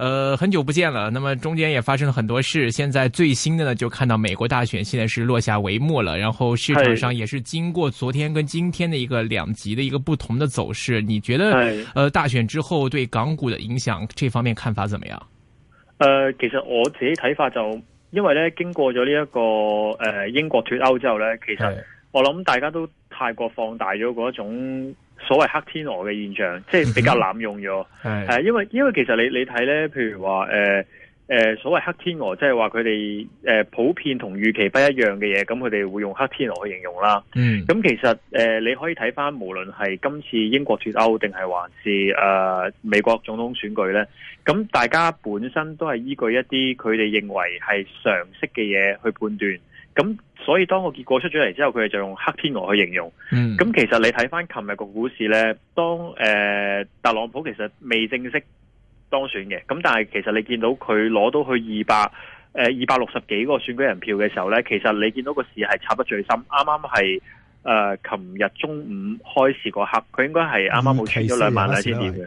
呃，很久不見了。那麼中間也發生了很多事。現在最新的呢，就看到美國大選現在是落下帷幕了。然後市場上也是經過昨天跟今天的一個兩極的一個不同的走勢。你覺得呃大選之後對港股的影響這方面看法怎麼樣？呃，其實我自己睇法就，因為呢經過咗呢一個呃英國脱歐之後呢，其實我諗大家都太過放大咗嗰一種。所謂黑天鵝嘅現象，即係比較濫用咗。係 是、啊，因為因為其實你你睇咧，譬如話誒誒所謂黑天鵝，即係話佢哋誒普遍同預期不一樣嘅嘢，咁佢哋會用黑天鵝去形容啦。嗯，咁其實誒、呃、你可以睇返，無論係今次英國脱歐定係還是誒、呃、美國總統選舉咧，咁大家本身都係依據一啲佢哋認為係常識嘅嘢去判斷，咁。所以當個結果出咗嚟之後，佢哋就用黑天鵝去形容。咁、嗯、其實你睇翻琴日個股市呢，當誒、呃、特朗普其實未正式當選嘅，咁但係其實你見到佢攞到佢二百誒、呃、二百六十幾個選舉人票嘅時候呢，其實你見到個市係插得最深，啱啱係誒，琴、呃、日中午開市嗰刻，佢應該係啱啱冇企咗兩萬啦，先跌嘅。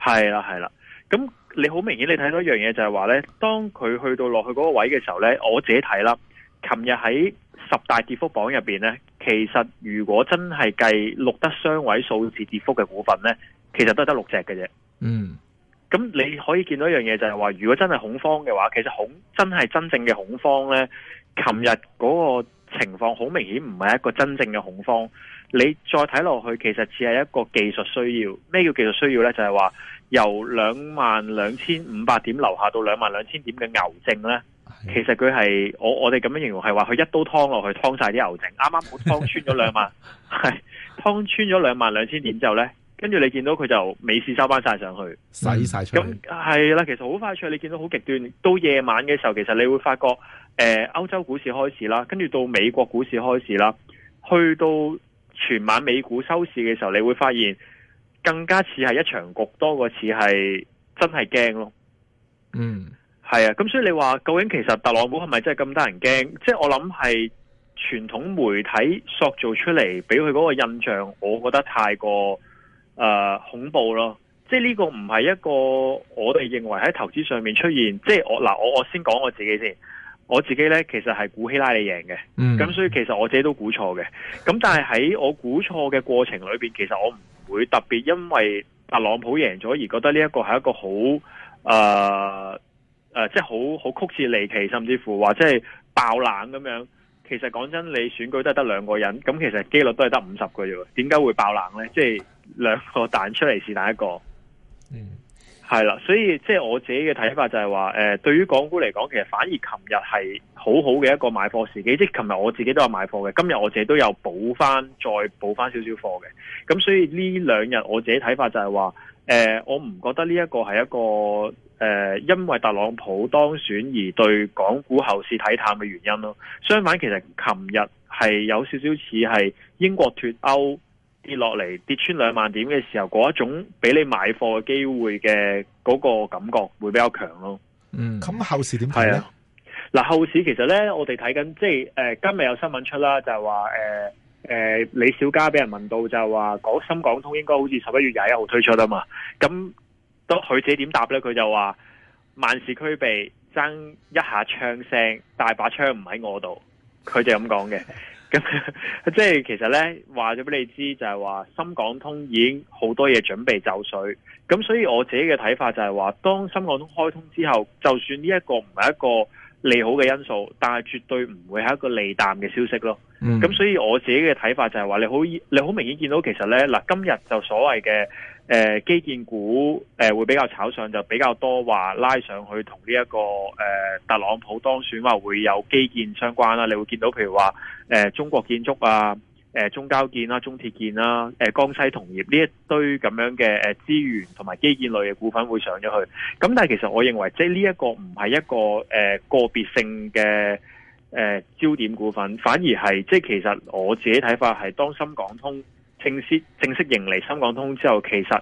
係啦，係啦。咁你好明顯，你睇到一樣嘢就係話呢，當佢去到落去嗰個位嘅時候呢，我自己睇啦，琴日喺，十大跌幅榜入邊呢，其實如果真係計錄得雙位數字跌幅嘅股份呢，其實都係得六隻嘅啫。嗯，咁你可以見到一樣嘢就係話，如果真係恐慌嘅話，其實恐真係真正嘅恐慌呢。琴日嗰個情況好明顯唔係一個真正嘅恐慌。你再睇落去，其實只係一個技術需要。咩叫技術需要呢？就係話由兩萬兩千五百點樓下到兩萬兩千點嘅牛證呢。其實佢係我我哋咁樣形容係話佢一刀湯落去，湯晒啲牛證，啱啱好湯穿咗兩萬，係湯 穿咗兩萬兩千點之後呢，跟住你見到佢就美市收翻晒上去，洗晒上去咁係啦。其實好快脆。你見到好極端。到夜晚嘅時候，其實你會發覺，誒、呃，歐洲股市開始啦，跟住到美國股市開始啦，去到全晚美股收市嘅時候，你會發現更加似係一場局多過似係真係驚咯。嗯。係啊，咁所以你話究竟其實特朗普係咪真係咁得人驚？即係我諗係傳統媒體塑造出嚟，俾佢嗰個印象，我覺得太過誒恐怖咯。即係呢個唔係一個我哋認為喺投資上面出現。即係我嗱，我我先講我自己先。我自己呢，其實係估希拉里贏嘅，咁、嗯、所以其實我自己都估錯嘅。咁但係喺我估錯嘅過程裏邊，其實我唔會特別因為特朗普贏咗而覺得呢一個係一個好誒。呃誒、呃，即係好好曲折離奇，甚至乎話即係爆冷咁樣。其實講真，你選舉都係得兩個人，咁其實幾率都係得五十個啫。點解會爆冷呢？即係兩個彈出嚟，是但一個？嗯，係啦。所以即係我自己嘅睇法就係話，誒、呃，對於港股嚟講，其實反而琴日係好好嘅一個買貨時機。即係琴日我自己都有買貨嘅，今日我自己都有補翻，再補翻少少貨嘅。咁所以呢兩日我自己睇法就係話，誒、呃，我唔覺得呢一個係一個。誒、呃，因為特朗普當選而對港股後市睇淡嘅原因咯。相反，其實琴日係有少少似係英國脫歐跌落嚟跌穿兩萬點嘅時候嗰一種俾你買貨嘅機會嘅嗰個感覺會比較強咯。嗯，咁後市點睇咧？嗱，後市其實咧，我哋睇緊即係誒、呃，今日有新聞出啦，就係話誒誒李小加俾人問到就係話港深港通應該好似十一月廿一號推出啊嘛，咁。佢自己點答呢？佢就話萬事俱備，爭一下槍聲，大把槍唔喺我度，佢就咁講嘅。咁即係其實呢，話咗俾你知就係話深港通已經好多嘢準備就緒，咁所以我自己嘅睇法就係話，當深港通開通之後，就算呢一個唔係一個。利好嘅因素，但係絕對唔會係一個利淡嘅消息咯。咁、嗯、所以我自己嘅睇法就係、是、話，你好你好明顯見到其實咧嗱，今日就所謂嘅誒基建股誒、呃、會比較炒上，就比較多話拉上去同呢一個誒、呃、特朗普當選話會有基建相關啦。你會見到譬如話誒、呃、中國建築啊。誒中交建啦、中鐵建啦、誒江西銅業呢一堆咁樣嘅誒資源同埋基建類嘅股份會上咗去，咁但係其實我認為即係呢一個唔係一個誒個別性嘅誒焦點股份，反而係即係其實我自己睇法係當深港通正式正式迎嚟深港通之後，其實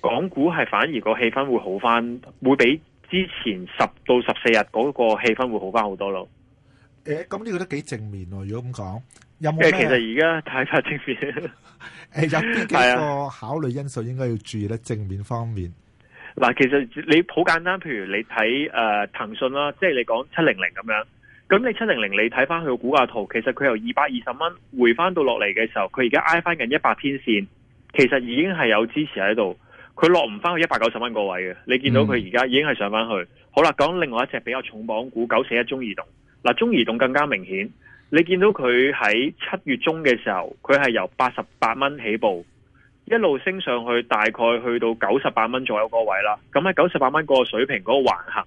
港股係反而個氣氛會好翻，會比之前十到十四日嗰個氣氛會好翻好多咯。誒、欸，咁呢個都幾正面喎，如果咁講。即係其實而家睇法正面，誒啊，有邊幾個考慮因素應該要注意咧？正面方面，嗱、啊，其實你好簡單，譬如你睇誒騰訊啦，即、呃、係、就是、你講七零零咁樣，咁你七零零你睇翻佢嘅股價圖，其實佢由二百二十蚊回翻到落嚟嘅時候，佢而家挨翻近一百天綫，其實已經係有支持喺度，佢落唔翻去一百九十蚊個位嘅，你見到佢而家已經係上翻去。嗯、好啦，講另外一隻比較重磅股九四一中移動，嗱，中移動更加明顯。你見到佢喺七月中嘅時候，佢係由八十八蚊起步，一路升上去，大概去到九十八蚊左右個位啦。咁喺九十八蚊個水平嗰個橫行，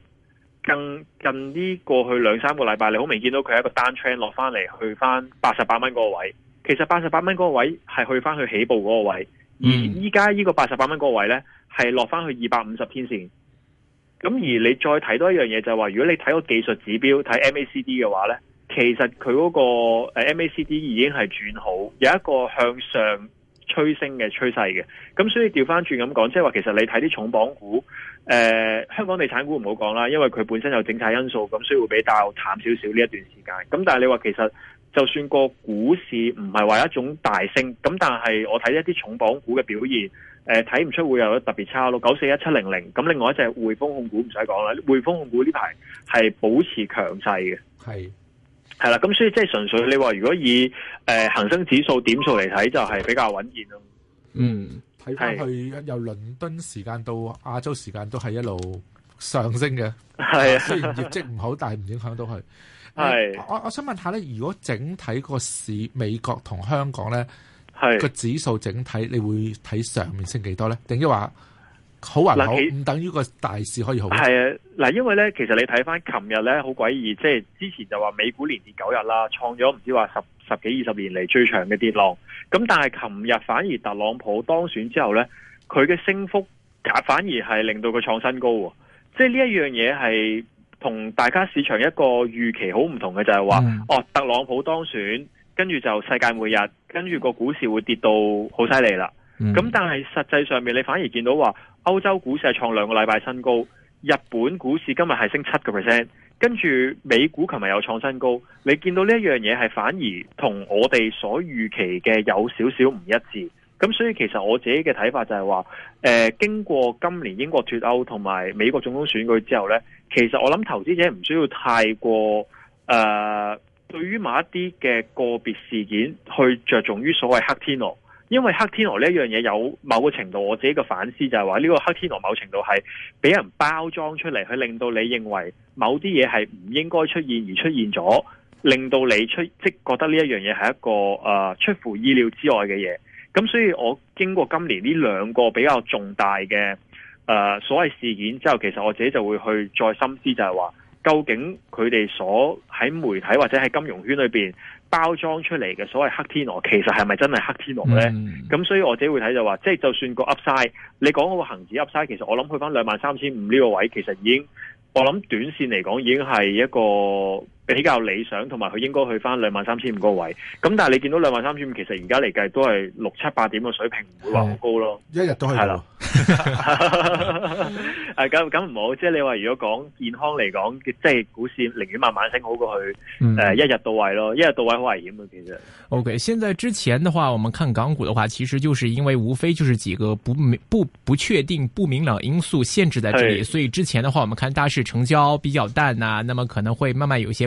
更近呢過去兩三個禮拜，你好明顯見到佢係一個 down trend 落翻嚟，去翻八十八蚊嗰個位。其實八十八蚊嗰個位係去翻去起步嗰個位，嗯、而依家呢個八十八蚊嗰個位呢係落翻去二百五十天線。咁而你再睇多一樣嘢，就係、是、話，如果你睇個技術指標，睇 MACD 嘅話呢。其實佢嗰個 MACD 已經係轉好，有一個向上趨升嘅趨勢嘅。咁所以調翻轉咁講，即係話其實你睇啲重磅股，誒、呃、香港地產股唔好講啦，因為佢本身有政策因素，咁所以會比較淡少少呢一段時間。咁但係你話其實就算個股市唔係話一種大升，咁但係我睇一啲重磅股嘅表現，誒，睇唔出會有特別差咯。九四一七零零咁，另外一隻匯豐控股唔使講啦，匯豐控股呢排係保持強勢嘅，係。係啦，咁所以即係純粹你話，如果以誒恒生指數點數嚟睇，就係比較穩健咯。嗯，睇翻去是的 由倫敦時間到亞洲時間都係一路上升嘅，係是的 雖然業績唔好， 但係唔影響到佢。係是的、嗯、我我，我想問一下咧，如果整體個市，美國同香港咧，係個是的 指數整體，你會睇上面升幾多咧？定於話。好啊，好唔其等於個大市可以好係啊嗱，因為咧其實你睇返琴日咧好詭異，即係之前就話美股連跌九日啦，創咗唔知話十十幾二十年嚟最長嘅跌浪。咁但係琴日反而特朗普當選之後咧，佢嘅升幅反而係令到佢創新高，即係呢一樣嘢係同大家市場一個預期好唔同嘅，就係、是、話、嗯、哦特朗普當選，跟住就世界末日，跟住個股市會跌到好犀利啦。咁、嗯、但係實際上面，你反而見到話歐洲股市係創兩個禮拜新高，日本股市今日係升七個 percent，跟住美股琴日又創新高。你見到呢一樣嘢係反而同我哋所預期嘅有少少唔一致。咁所以其實我自己嘅睇法就係話，誒、呃，經過今年英國脫歐同埋美國總統選舉之後呢，其實我諗投資者唔需要太過誒、呃，對於某一啲嘅個別事件去着重於所謂黑天鵝。因為黑天鵝呢一樣嘢，有某個程度我自己嘅反思就係話呢個黑天鵝某程度係俾人包裝出嚟，去令到你認為某啲嘢係唔應該出現而出現咗，令到你出即覺得呢一樣嘢係一個誒、呃、出乎意料之外嘅嘢。咁所以我經過今年呢兩個比較重大嘅誒、呃、所謂事件之後，其實我自己就會去再深思，就是說，就係話。究竟佢哋所喺媒體或者喺金融圈裏面包裝出嚟嘅所謂黑天鵝，其實係咪真係黑天鵝呢？咁、嗯、所以我自己會睇就話，即係就算個 Upside，你講嗰個恆指 Upside，其實我諗去翻兩萬三千五呢個位，其實已經，我諗短線嚟講已經係一個。比較理想，同埋佢應該去返兩萬三千五個位。咁但係你見到兩萬三千五，其實而家嚟計都係六七八點嘅水平，唔會話好高咯。一日都係啦。係咁咁唔好，即係你話如果講健康嚟講，即係股市寧願慢慢升好過去，嗯呃、一日到位咯。一日到位好危險啊，其實。OK，現在之前的話，我們看港股的話，其實就是因為無非就是幾個不明不不確定不明朗因素限制在這裡，的所以之前的話，我們看大市成交比較淡啊，那麼可能會慢慢有些。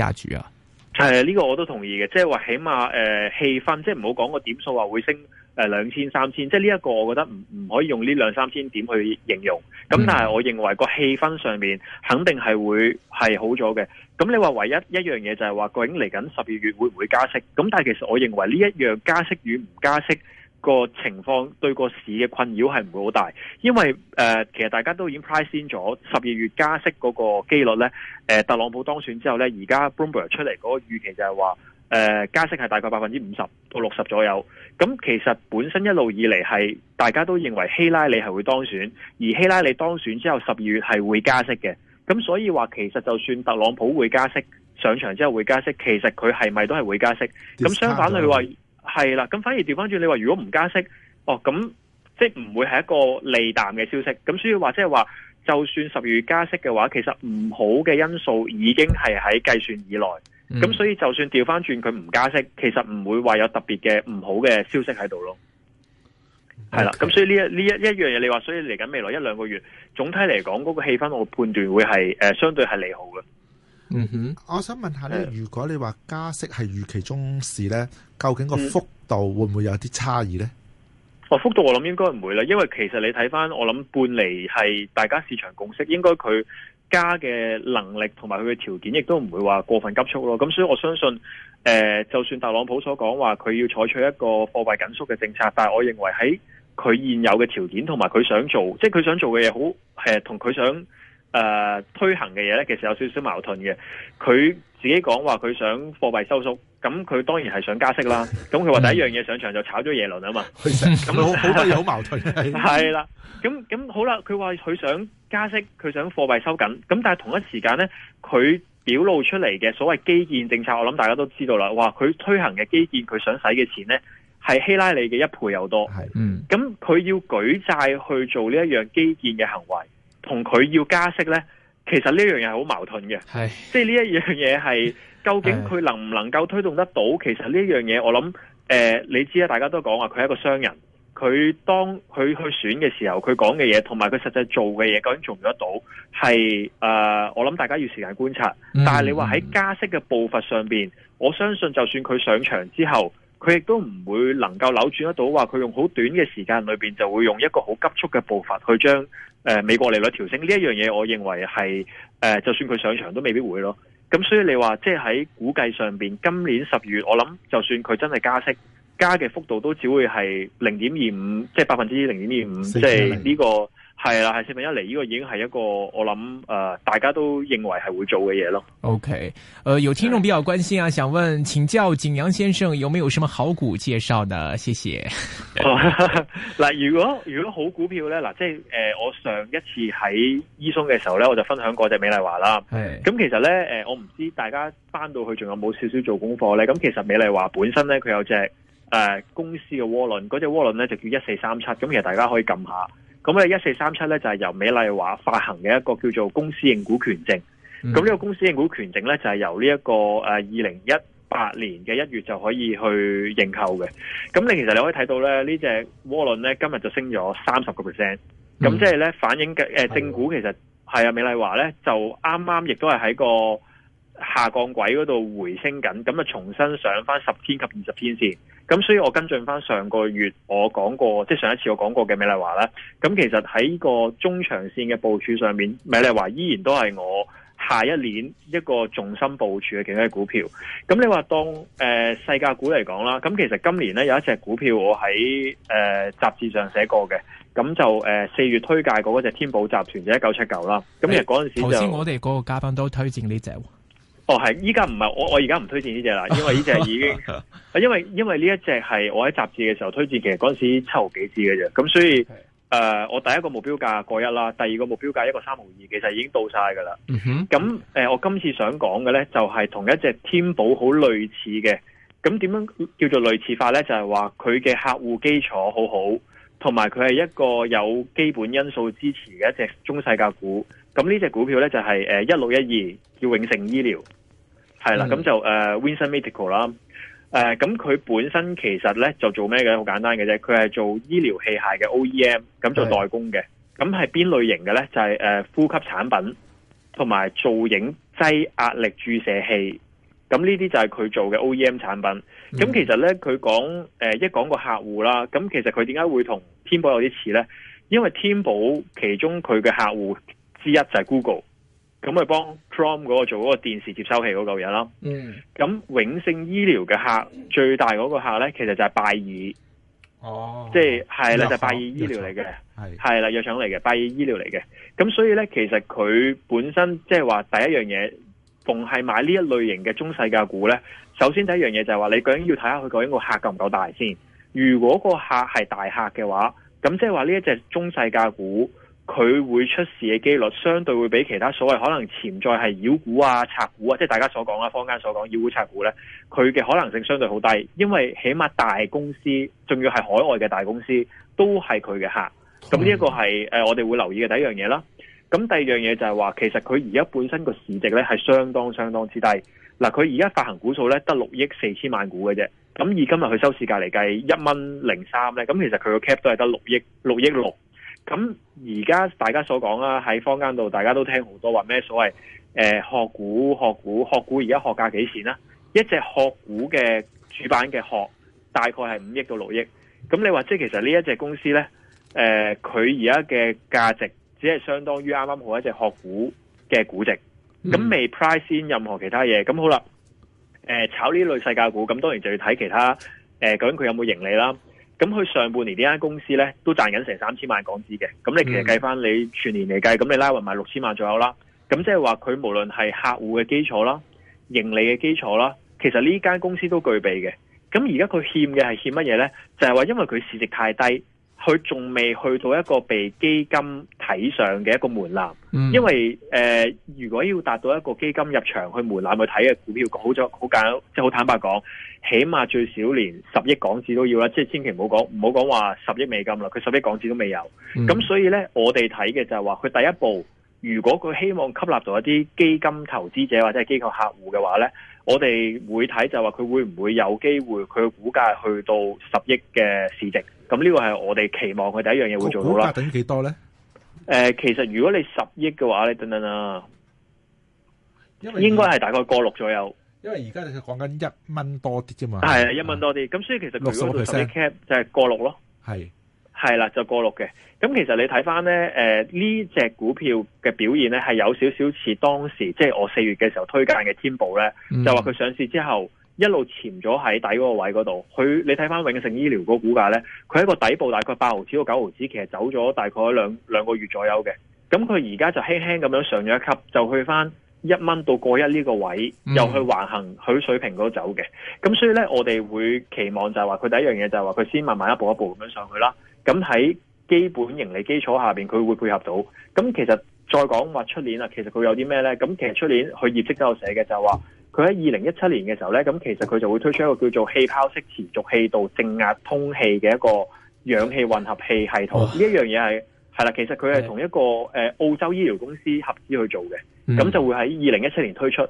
加啊，係呢個我都同意嘅，即係話起碼誒、呃、氣氛，即係唔好講個點數話會升誒、呃、兩千三千，即係呢一個我覺得唔唔可以用呢兩三千點去形容。咁但係我認為個氣氛上面肯定係會係好咗嘅。咁你話唯一一樣嘢就係話究竟嚟緊十二月會唔會加息？咁但係其實我認為呢一樣加息與唔加息。個情況對個市嘅困擾係唔會好大，因為、呃、其實大家都已經 price in 咗十二月加息嗰個機率呢、呃、特朗普當選之後呢，而家 Bloomberg 出嚟嗰個預期就係話、呃，加息係大概百分之五十到六十左右。咁、嗯、其實本身一路以嚟係大家都認為希拉里係會當選，而希拉里當選之後十二月係會加息嘅。咁、嗯、所以話其實就算特朗普會加息上場之後會加息，其實佢係咪都係會加息？咁、嗯、相反佢話？係啦，咁反而調翻轉，你話如果唔加息，哦咁即係唔會係一個利淡嘅消息，咁所以話即係話，就算十二月加息嘅話，其實唔好嘅因素已經係喺計算以內，咁、嗯、所以就算調翻轉佢唔加息，其實唔會話有特別嘅唔好嘅消息喺度咯。係啦 Okay.，咁所以呢一呢一一樣嘢，你話所以嚟緊未來一兩個月，總體嚟講嗰個氣氛，我判斷會係誒、呃、相對係利好嘅。嗯哼，我想問下咧，如果你話加息係預期中事咧，究竟個幅度會唔會有啲差異呢、嗯嗯？哦，幅度我諗應該唔會啦，因為其實你睇翻，我諗半厘係大家市場共識，應該佢加嘅能力同埋佢嘅條件，亦都唔會話過分急促咯。咁所以我相信，誒、呃，就算特朗普所講話佢要採取一個貨幣緊縮嘅政策，但係我認為喺佢現有嘅條件同埋佢想做，即係佢想做嘅嘢好，誒同佢想。誒、呃，推行嘅嘢咧，其實有少少矛盾嘅。佢自己講話佢想貨幣收縮，咁佢當然係想加息啦。咁佢話第一樣嘢上場就炒咗耶倫啊嘛，咁好多嘢好矛盾。係啦，咁咁好啦，佢話佢想加息，佢想貨幣收緊，咁但係同一時間咧，佢表露出嚟嘅所謂基建政策，我諗大家都知道啦。哇，佢推行嘅基建，佢想使嘅錢咧，係希拉里嘅一倍又多。係的，嗯，咁佢要舉債去做呢一樣基建嘅行為。同佢要加息呢，其實呢樣嘢係好矛盾嘅。係，即係呢一樣嘢係究竟佢能唔能夠推動得到？係。其實呢一樣嘢，我諗誒，呃，你知啦，大家都講話，佢係一個商人，佢當佢去選嘅時候，佢講嘅嘢同埋佢實際做嘅嘢，究竟做唔得到？係誒，呃，我諗大家要時間觀察。嗯，但係你話喺加息嘅步伐上邊，我相信就算佢上場之後。佢亦都唔會能夠扭轉得到，話佢用好短嘅時間裏面，就會用一個好急促嘅步伐去將誒、呃、美國利率調升呢一樣嘢，我認為係誒、呃，就算佢上場都未必會咯。咁所以你話即係喺估計上面，今年十月我諗，就算佢真係加息，加嘅幅度都只會係零點二五，即係百分之零點二五，即係呢個。係啦，係四民一嚟，呢、這個已經係一個我諗誒、呃，大家都認為係會做嘅嘢咯。OK，誒、呃，有聽眾比較關心啊，想問，請教景陽先生，有沒有什麼好股介紹呢？謝謝。嗱， 如果如果好股票呢，嗱，即係誒、呃，我上一次喺伊松嘅時候呢，我就分享過隻美麗華啦。係咁，其實呢，誒、呃，我唔知道大家翻到去仲有冇少少做功課呢。咁其實美麗華本身呢，佢有隻誒、呃、公司嘅渦輪，嗰隻渦輪呢就叫一四三七。咁其實大家可以撳下。咁咧一四三七咧就係由美麗華發行嘅一個叫做公司認股權證，咁呢、嗯、個公司認股權證咧就係由呢一個誒二零一八年嘅一月就可以去認購嘅。咁你其實你可以睇到咧，呢隻窩輪咧今日就升咗三十個 percent，咁即係咧反映嘅誒正股其實係啊美麗華咧就啱啱亦都係喺個下降軌嗰度回升緊，咁啊重新上翻十天及二十天線。咁所以我跟進翻上個月我講過，即上一次我講過嘅美麗華啦。咁其實喺個中長線嘅部署上面，美麗華依然都係我下一年一個重心部署嘅其他股票。咁你話當誒、呃、世界股嚟講啦，咁其實今年咧有一隻股票我喺誒、呃、雜誌上寫過嘅，咁就誒四、呃、月推介過嗰隻天保集團就一九七九啦。咁其實嗰陣時頭先我哋嗰個嘉賓都推薦呢隻。哦，係，依家唔係我，我而家唔推薦呢隻啦，因為呢隻已經， 因為因為呢一隻係我喺雜誌嘅時候推薦，其實嗰陣時七毫幾支嘅啫，咁所以誒、呃，我第一個目標價過一啦，第二個目標價一個三毫二，其實已經到晒噶啦。咁誒、嗯哼呃，我今次想講嘅呢，就係、是、同一隻添寶好類似嘅，咁點樣叫做類似法呢？就係話佢嘅客戶基礎好好，同埋佢係一個有基本因素支持嘅一隻中細價股。咁呢隻股票呢、就是，就係誒一六一二叫永盛醫療。係啦，咁就誒、mm hmm. uh,，Vincent Medical 啦，誒，咁佢本身其實咧就做咩嘅？好簡單嘅啫，佢係做醫療器械嘅 OEM，咁做代工嘅。咁係邊類型嘅咧？就係、是、誒，uh, 呼吸產品同埋造影劑壓力注射器。咁呢啲就係佢做嘅 OEM 產品。咁、mm hmm. 其實咧，佢講，誒、呃，一講個客戶啦，咁其實佢點解會同添寶有啲似咧？因為添寶其中佢嘅客戶之一就係 Google。咁咪幫 Chrome 嗰個做嗰個電視接收器嗰嚿嘢啦。嗯。咁永盛醫療嘅客，最大嗰個客咧，其實就係拜耳。哦。即係，係啦，就拜耳醫療嚟嘅。係。係啦，藥廠嚟嘅，拜耳醫療嚟嘅。咁所以咧，其實佢本身即係話第一樣嘢，逢係買呢一類型嘅中世價股咧，首先第一樣嘢就係話，你究竟要睇下佢究竟個客夠唔夠大先。如果個客係大客嘅話，咁即係話呢一隻中世價股。佢會出事嘅機率，相對會比其他所謂可能潛在係妖股啊、拆股啊，即係大家所講啊、坊間所講妖股拆股呢，佢嘅可能性相對好低，因為起碼大公司仲要係海外嘅大公司，都係佢嘅客。咁呢一個係、呃、我哋會留意嘅第一樣嘢啦。咁第二樣嘢就係話，其實佢而家本身個市值呢係相當相當之低。嗱，佢而家發行股數呢得六億四千萬股嘅啫。咁以今日佢收市價嚟計一蚊零三呢，咁其實佢個 cap 都係得六億六億六。6億6咁而家大家所講啦，喺坊間度大家都聽好多話咩所謂誒、呃、殼股殼股殼股，而家殼價幾錢啦、啊、一隻殼股嘅主板嘅殼大概係五億到六億。咁你話即係其實呢一隻公司咧，誒佢而家嘅價值只係相當於啱啱好一隻殼股嘅估值，咁未 price 先任何其他嘢。咁好啦，誒、呃、炒呢類世界股，咁當然就要睇其他誒、呃、究竟佢有冇盈利啦。咁佢上半年呢間公司呢都賺緊成三千萬港紙嘅，咁你其實計翻你全年嚟計，咁你拉勻埋六千萬左右啦，咁即係話佢無論係客戶嘅基礎啦、盈利嘅基礎啦，其實呢間公司都具備嘅。咁而家佢欠嘅係欠乜嘢呢？就係話因為佢市值太低。佢仲未去到一個被基金睇上嘅一個門檻，因為誒、呃，如果要達到一個基金入場去門檻去睇嘅股票，好咗好簡，即係好坦白講，起碼最少連十億港紙都要啦，即係千祈唔好講唔好講話十億美金啦，佢十億港紙都未有，咁、嗯、所以呢，我哋睇嘅就係話，佢第一步，如果佢希望吸納到一啲基金投資者或者係機構客戶嘅話呢。我哋會睇就話佢會唔會有機會，佢股價去到十億嘅市值。咁呢個係我哋期望佢第一樣嘢會做到啦。股價等於幾多咧？誒、呃，其實如果你十億嘅話咧，等等啊，因為應該係大概過六左右。因為現在在而家你講緊一蚊多啲啫嘛。係一蚊多啲。咁所以其實佢嗰度 set cap 就係過六咯係。係啦，就過六嘅。咁其實你睇翻咧，誒呢隻股票嘅表現咧，係有少少似當時即係、就是、我四月嘅時候推介嘅天保咧，就話佢上市之後一路潛咗喺底嗰個位嗰度。佢你睇翻永盛醫療嗰個股價咧，佢喺個底部大概八毫紙到九毫紙，其實走咗大概兩兩個月左右嘅。咁佢而家就輕輕咁樣上咗一級，就去翻一蚊到過一呢個位，又去橫行佢水平嗰度走嘅。咁、嗯、所以咧，我哋會期望就係話佢第一樣嘢就係話佢先慢慢一步一步咁樣上去啦。咁喺基本盈利基礎下邊，佢會配合到。咁其實再講話出年啊，其實佢有啲咩咧？咁其實出年佢業績都有寫嘅，就係話佢喺二零一七年嘅時候咧，咁其實佢就會推出一個叫做氣泡式持續氣道正壓通氣嘅一個氧氣混合器系，系統呢哇一樣嘢係係啦，其實佢係同一個誒澳洲醫療公司合資去做嘅，咁、嗯、就會喺二零一七年推出。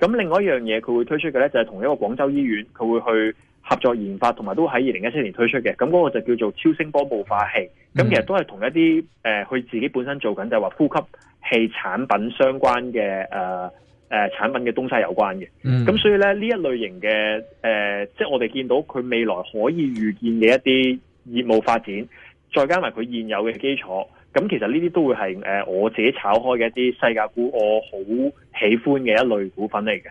咁另外一樣嘢佢會推出嘅咧，就係同一個廣州醫院佢會去。合作研發同埋都喺二零一七年推出嘅，咁、那、嗰個就叫做超聲波霧化器，咁其實都係同一啲誒，佢、呃、自己本身做緊就係、是、話呼吸器產品相關嘅誒誒產品嘅東西有關嘅，咁所以咧呢一類型嘅誒、呃，即係我哋見到佢未來可以預見嘅一啲業務發展，再加埋佢現有嘅基礎，咁其實呢啲都會係、呃、我自己炒開嘅一啲世界股，我好喜歡嘅一類股份嚟嘅。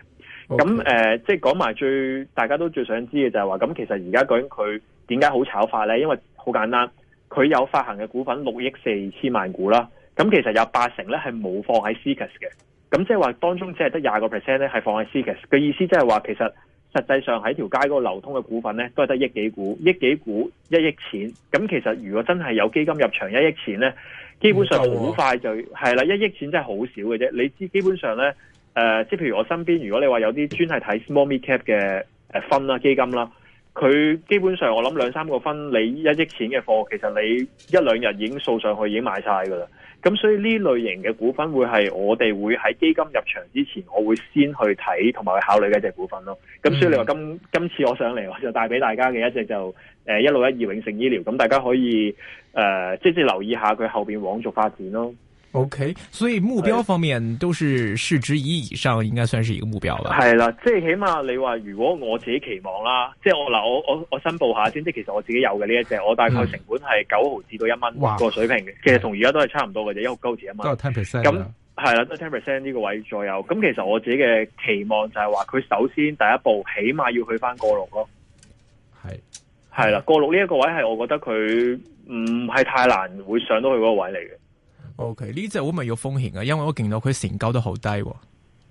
咁誒 Okay.、呃，即係講埋最大家都最想知嘅就係話，咁其實而家究竟佢點解好炒發咧？因為好簡單，佢有發行嘅股份六億四千萬股啦。咁其實有八成咧係冇放喺 CCASS 嘅。咁即係話當中只係得廿個 percent 咧係放喺 CCASS。嘅意思即係話其實實際上喺條街嗰個流通嘅股份咧，都係得億幾股，億幾股一億錢。咁其實如果真係有基金入場一億錢咧，基本上好快就係啦，一、啊、億錢真係好少嘅啫。你知基本上咧。誒、呃，即係譬如我身邊，如果你話有啲專係睇 small mid cap 嘅誒分啦基金啦，佢基本上我諗兩三個分，你一億錢嘅貨，其實你一兩日已經掃上去，已經買晒噶啦。咁所以呢類型嘅股份會係我哋會喺基金入場之前，我會先去睇同埋去考慮嘅一隻股份咯。咁所以你話今、嗯、今次我上嚟，我就帶俾大家嘅一隻就誒、呃，一路一二永盛醫療，咁大家可以誒、呃，即係留意下佢後邊往續發展咯。O、OK，所以目標方面都是市值一億以上，應該算是一個目標啦。係啦，即係起碼你話如果我自己期望啦，即係我嗱，我我我申報下先，即其實我自己有嘅呢一隻，我大概成本係九毫至到一蚊個水平嘅，嗯、其實同而家都係差唔多嘅啫，一對毫九毫紙啊嘛。都係 ten percent 咁係啦，都係 ten percent 呢個位左右。咁其實我自己嘅期望就係話，佢首先第一步起碼要去翻過六咯。係係啦，過六呢一個位係我覺得佢唔係太難會上到去嗰個位嚟嘅。O K，呢隻係咪有風險嘅、啊，因為我見到佢成交都好低、哦。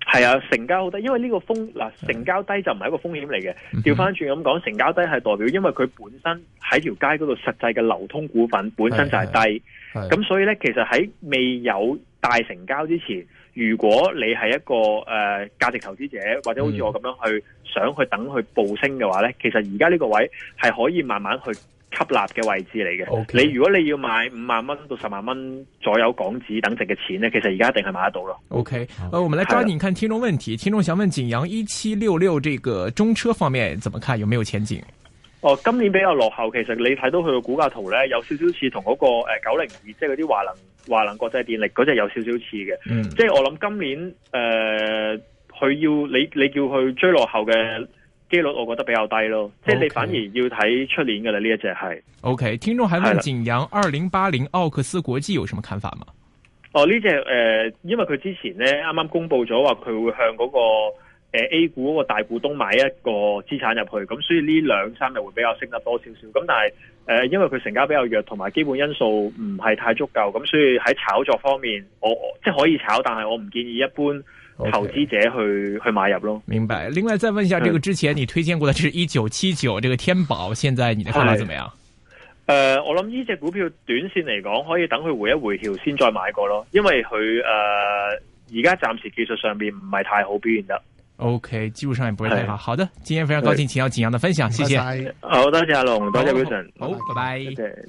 係啊，成交好低，因為呢個風嗱，成交低就唔係一個風險嚟嘅。調翻轉咁講，成交低係代表，因為佢本身喺條街嗰度實際嘅流通股份本身就係低，咁所以呢，其實喺未有大成交之前，如果你係一個誒、呃、價值投資者，或者好似我咁樣去、嗯、想去等佢暴升嘅話呢，其實而家呢個位係可以慢慢去。吸納嘅位置嚟嘅。Okay. 你如果你要買五萬蚊到十萬蚊左右港紙等值嘅錢咧，其實而家一定係買得到咯。OK，我們來抓緊看聽眾問題，的聽眾想問景揚一七六六，這個中車方面怎麼看，有沒有前景？哦，今年比較落後，其實你睇到佢個股價圖咧，有少少似同嗰個誒九零二，即係嗰啲華能、華能國際電力嗰隻有少少似嘅。嗯，即係我諗今年誒，佢、呃、要你你叫佢追落後嘅。機率我覺得比較低咯，Okay. 即係你反而要睇出年噶啦呢一隻係。OK，聽眾還問景揚二零八零奧克斯國際有什麼看法嗎？哦，呢隻誒，因為佢之前呢啱啱公布咗話佢會向嗰個誒 A 股嗰個大股東買一個資產入去，咁所以呢兩三日會比較升得多少少。咁但係誒、呃，因為佢成交比較弱，同埋基本因素唔係太足夠，咁所以喺炒作方面，我我即係可以炒，但係我唔建議一般 Okay. 投資者去去買入咯。明白。另外再問一下，是這個之前你推薦過的，是一九七九這個天寶現在你的看法怎麼樣？誒、呃，我諗呢隻股票短線嚟講，可以等佢回一回調先再買過咯，因為佢誒而家暫時技術上面唔係太好表現的。O K，技術上也不是太好。是好的，今天非常高興請到景陽的分享，謝謝。謝謝好多謝阿龍，多謝 Wilson，好，拜拜。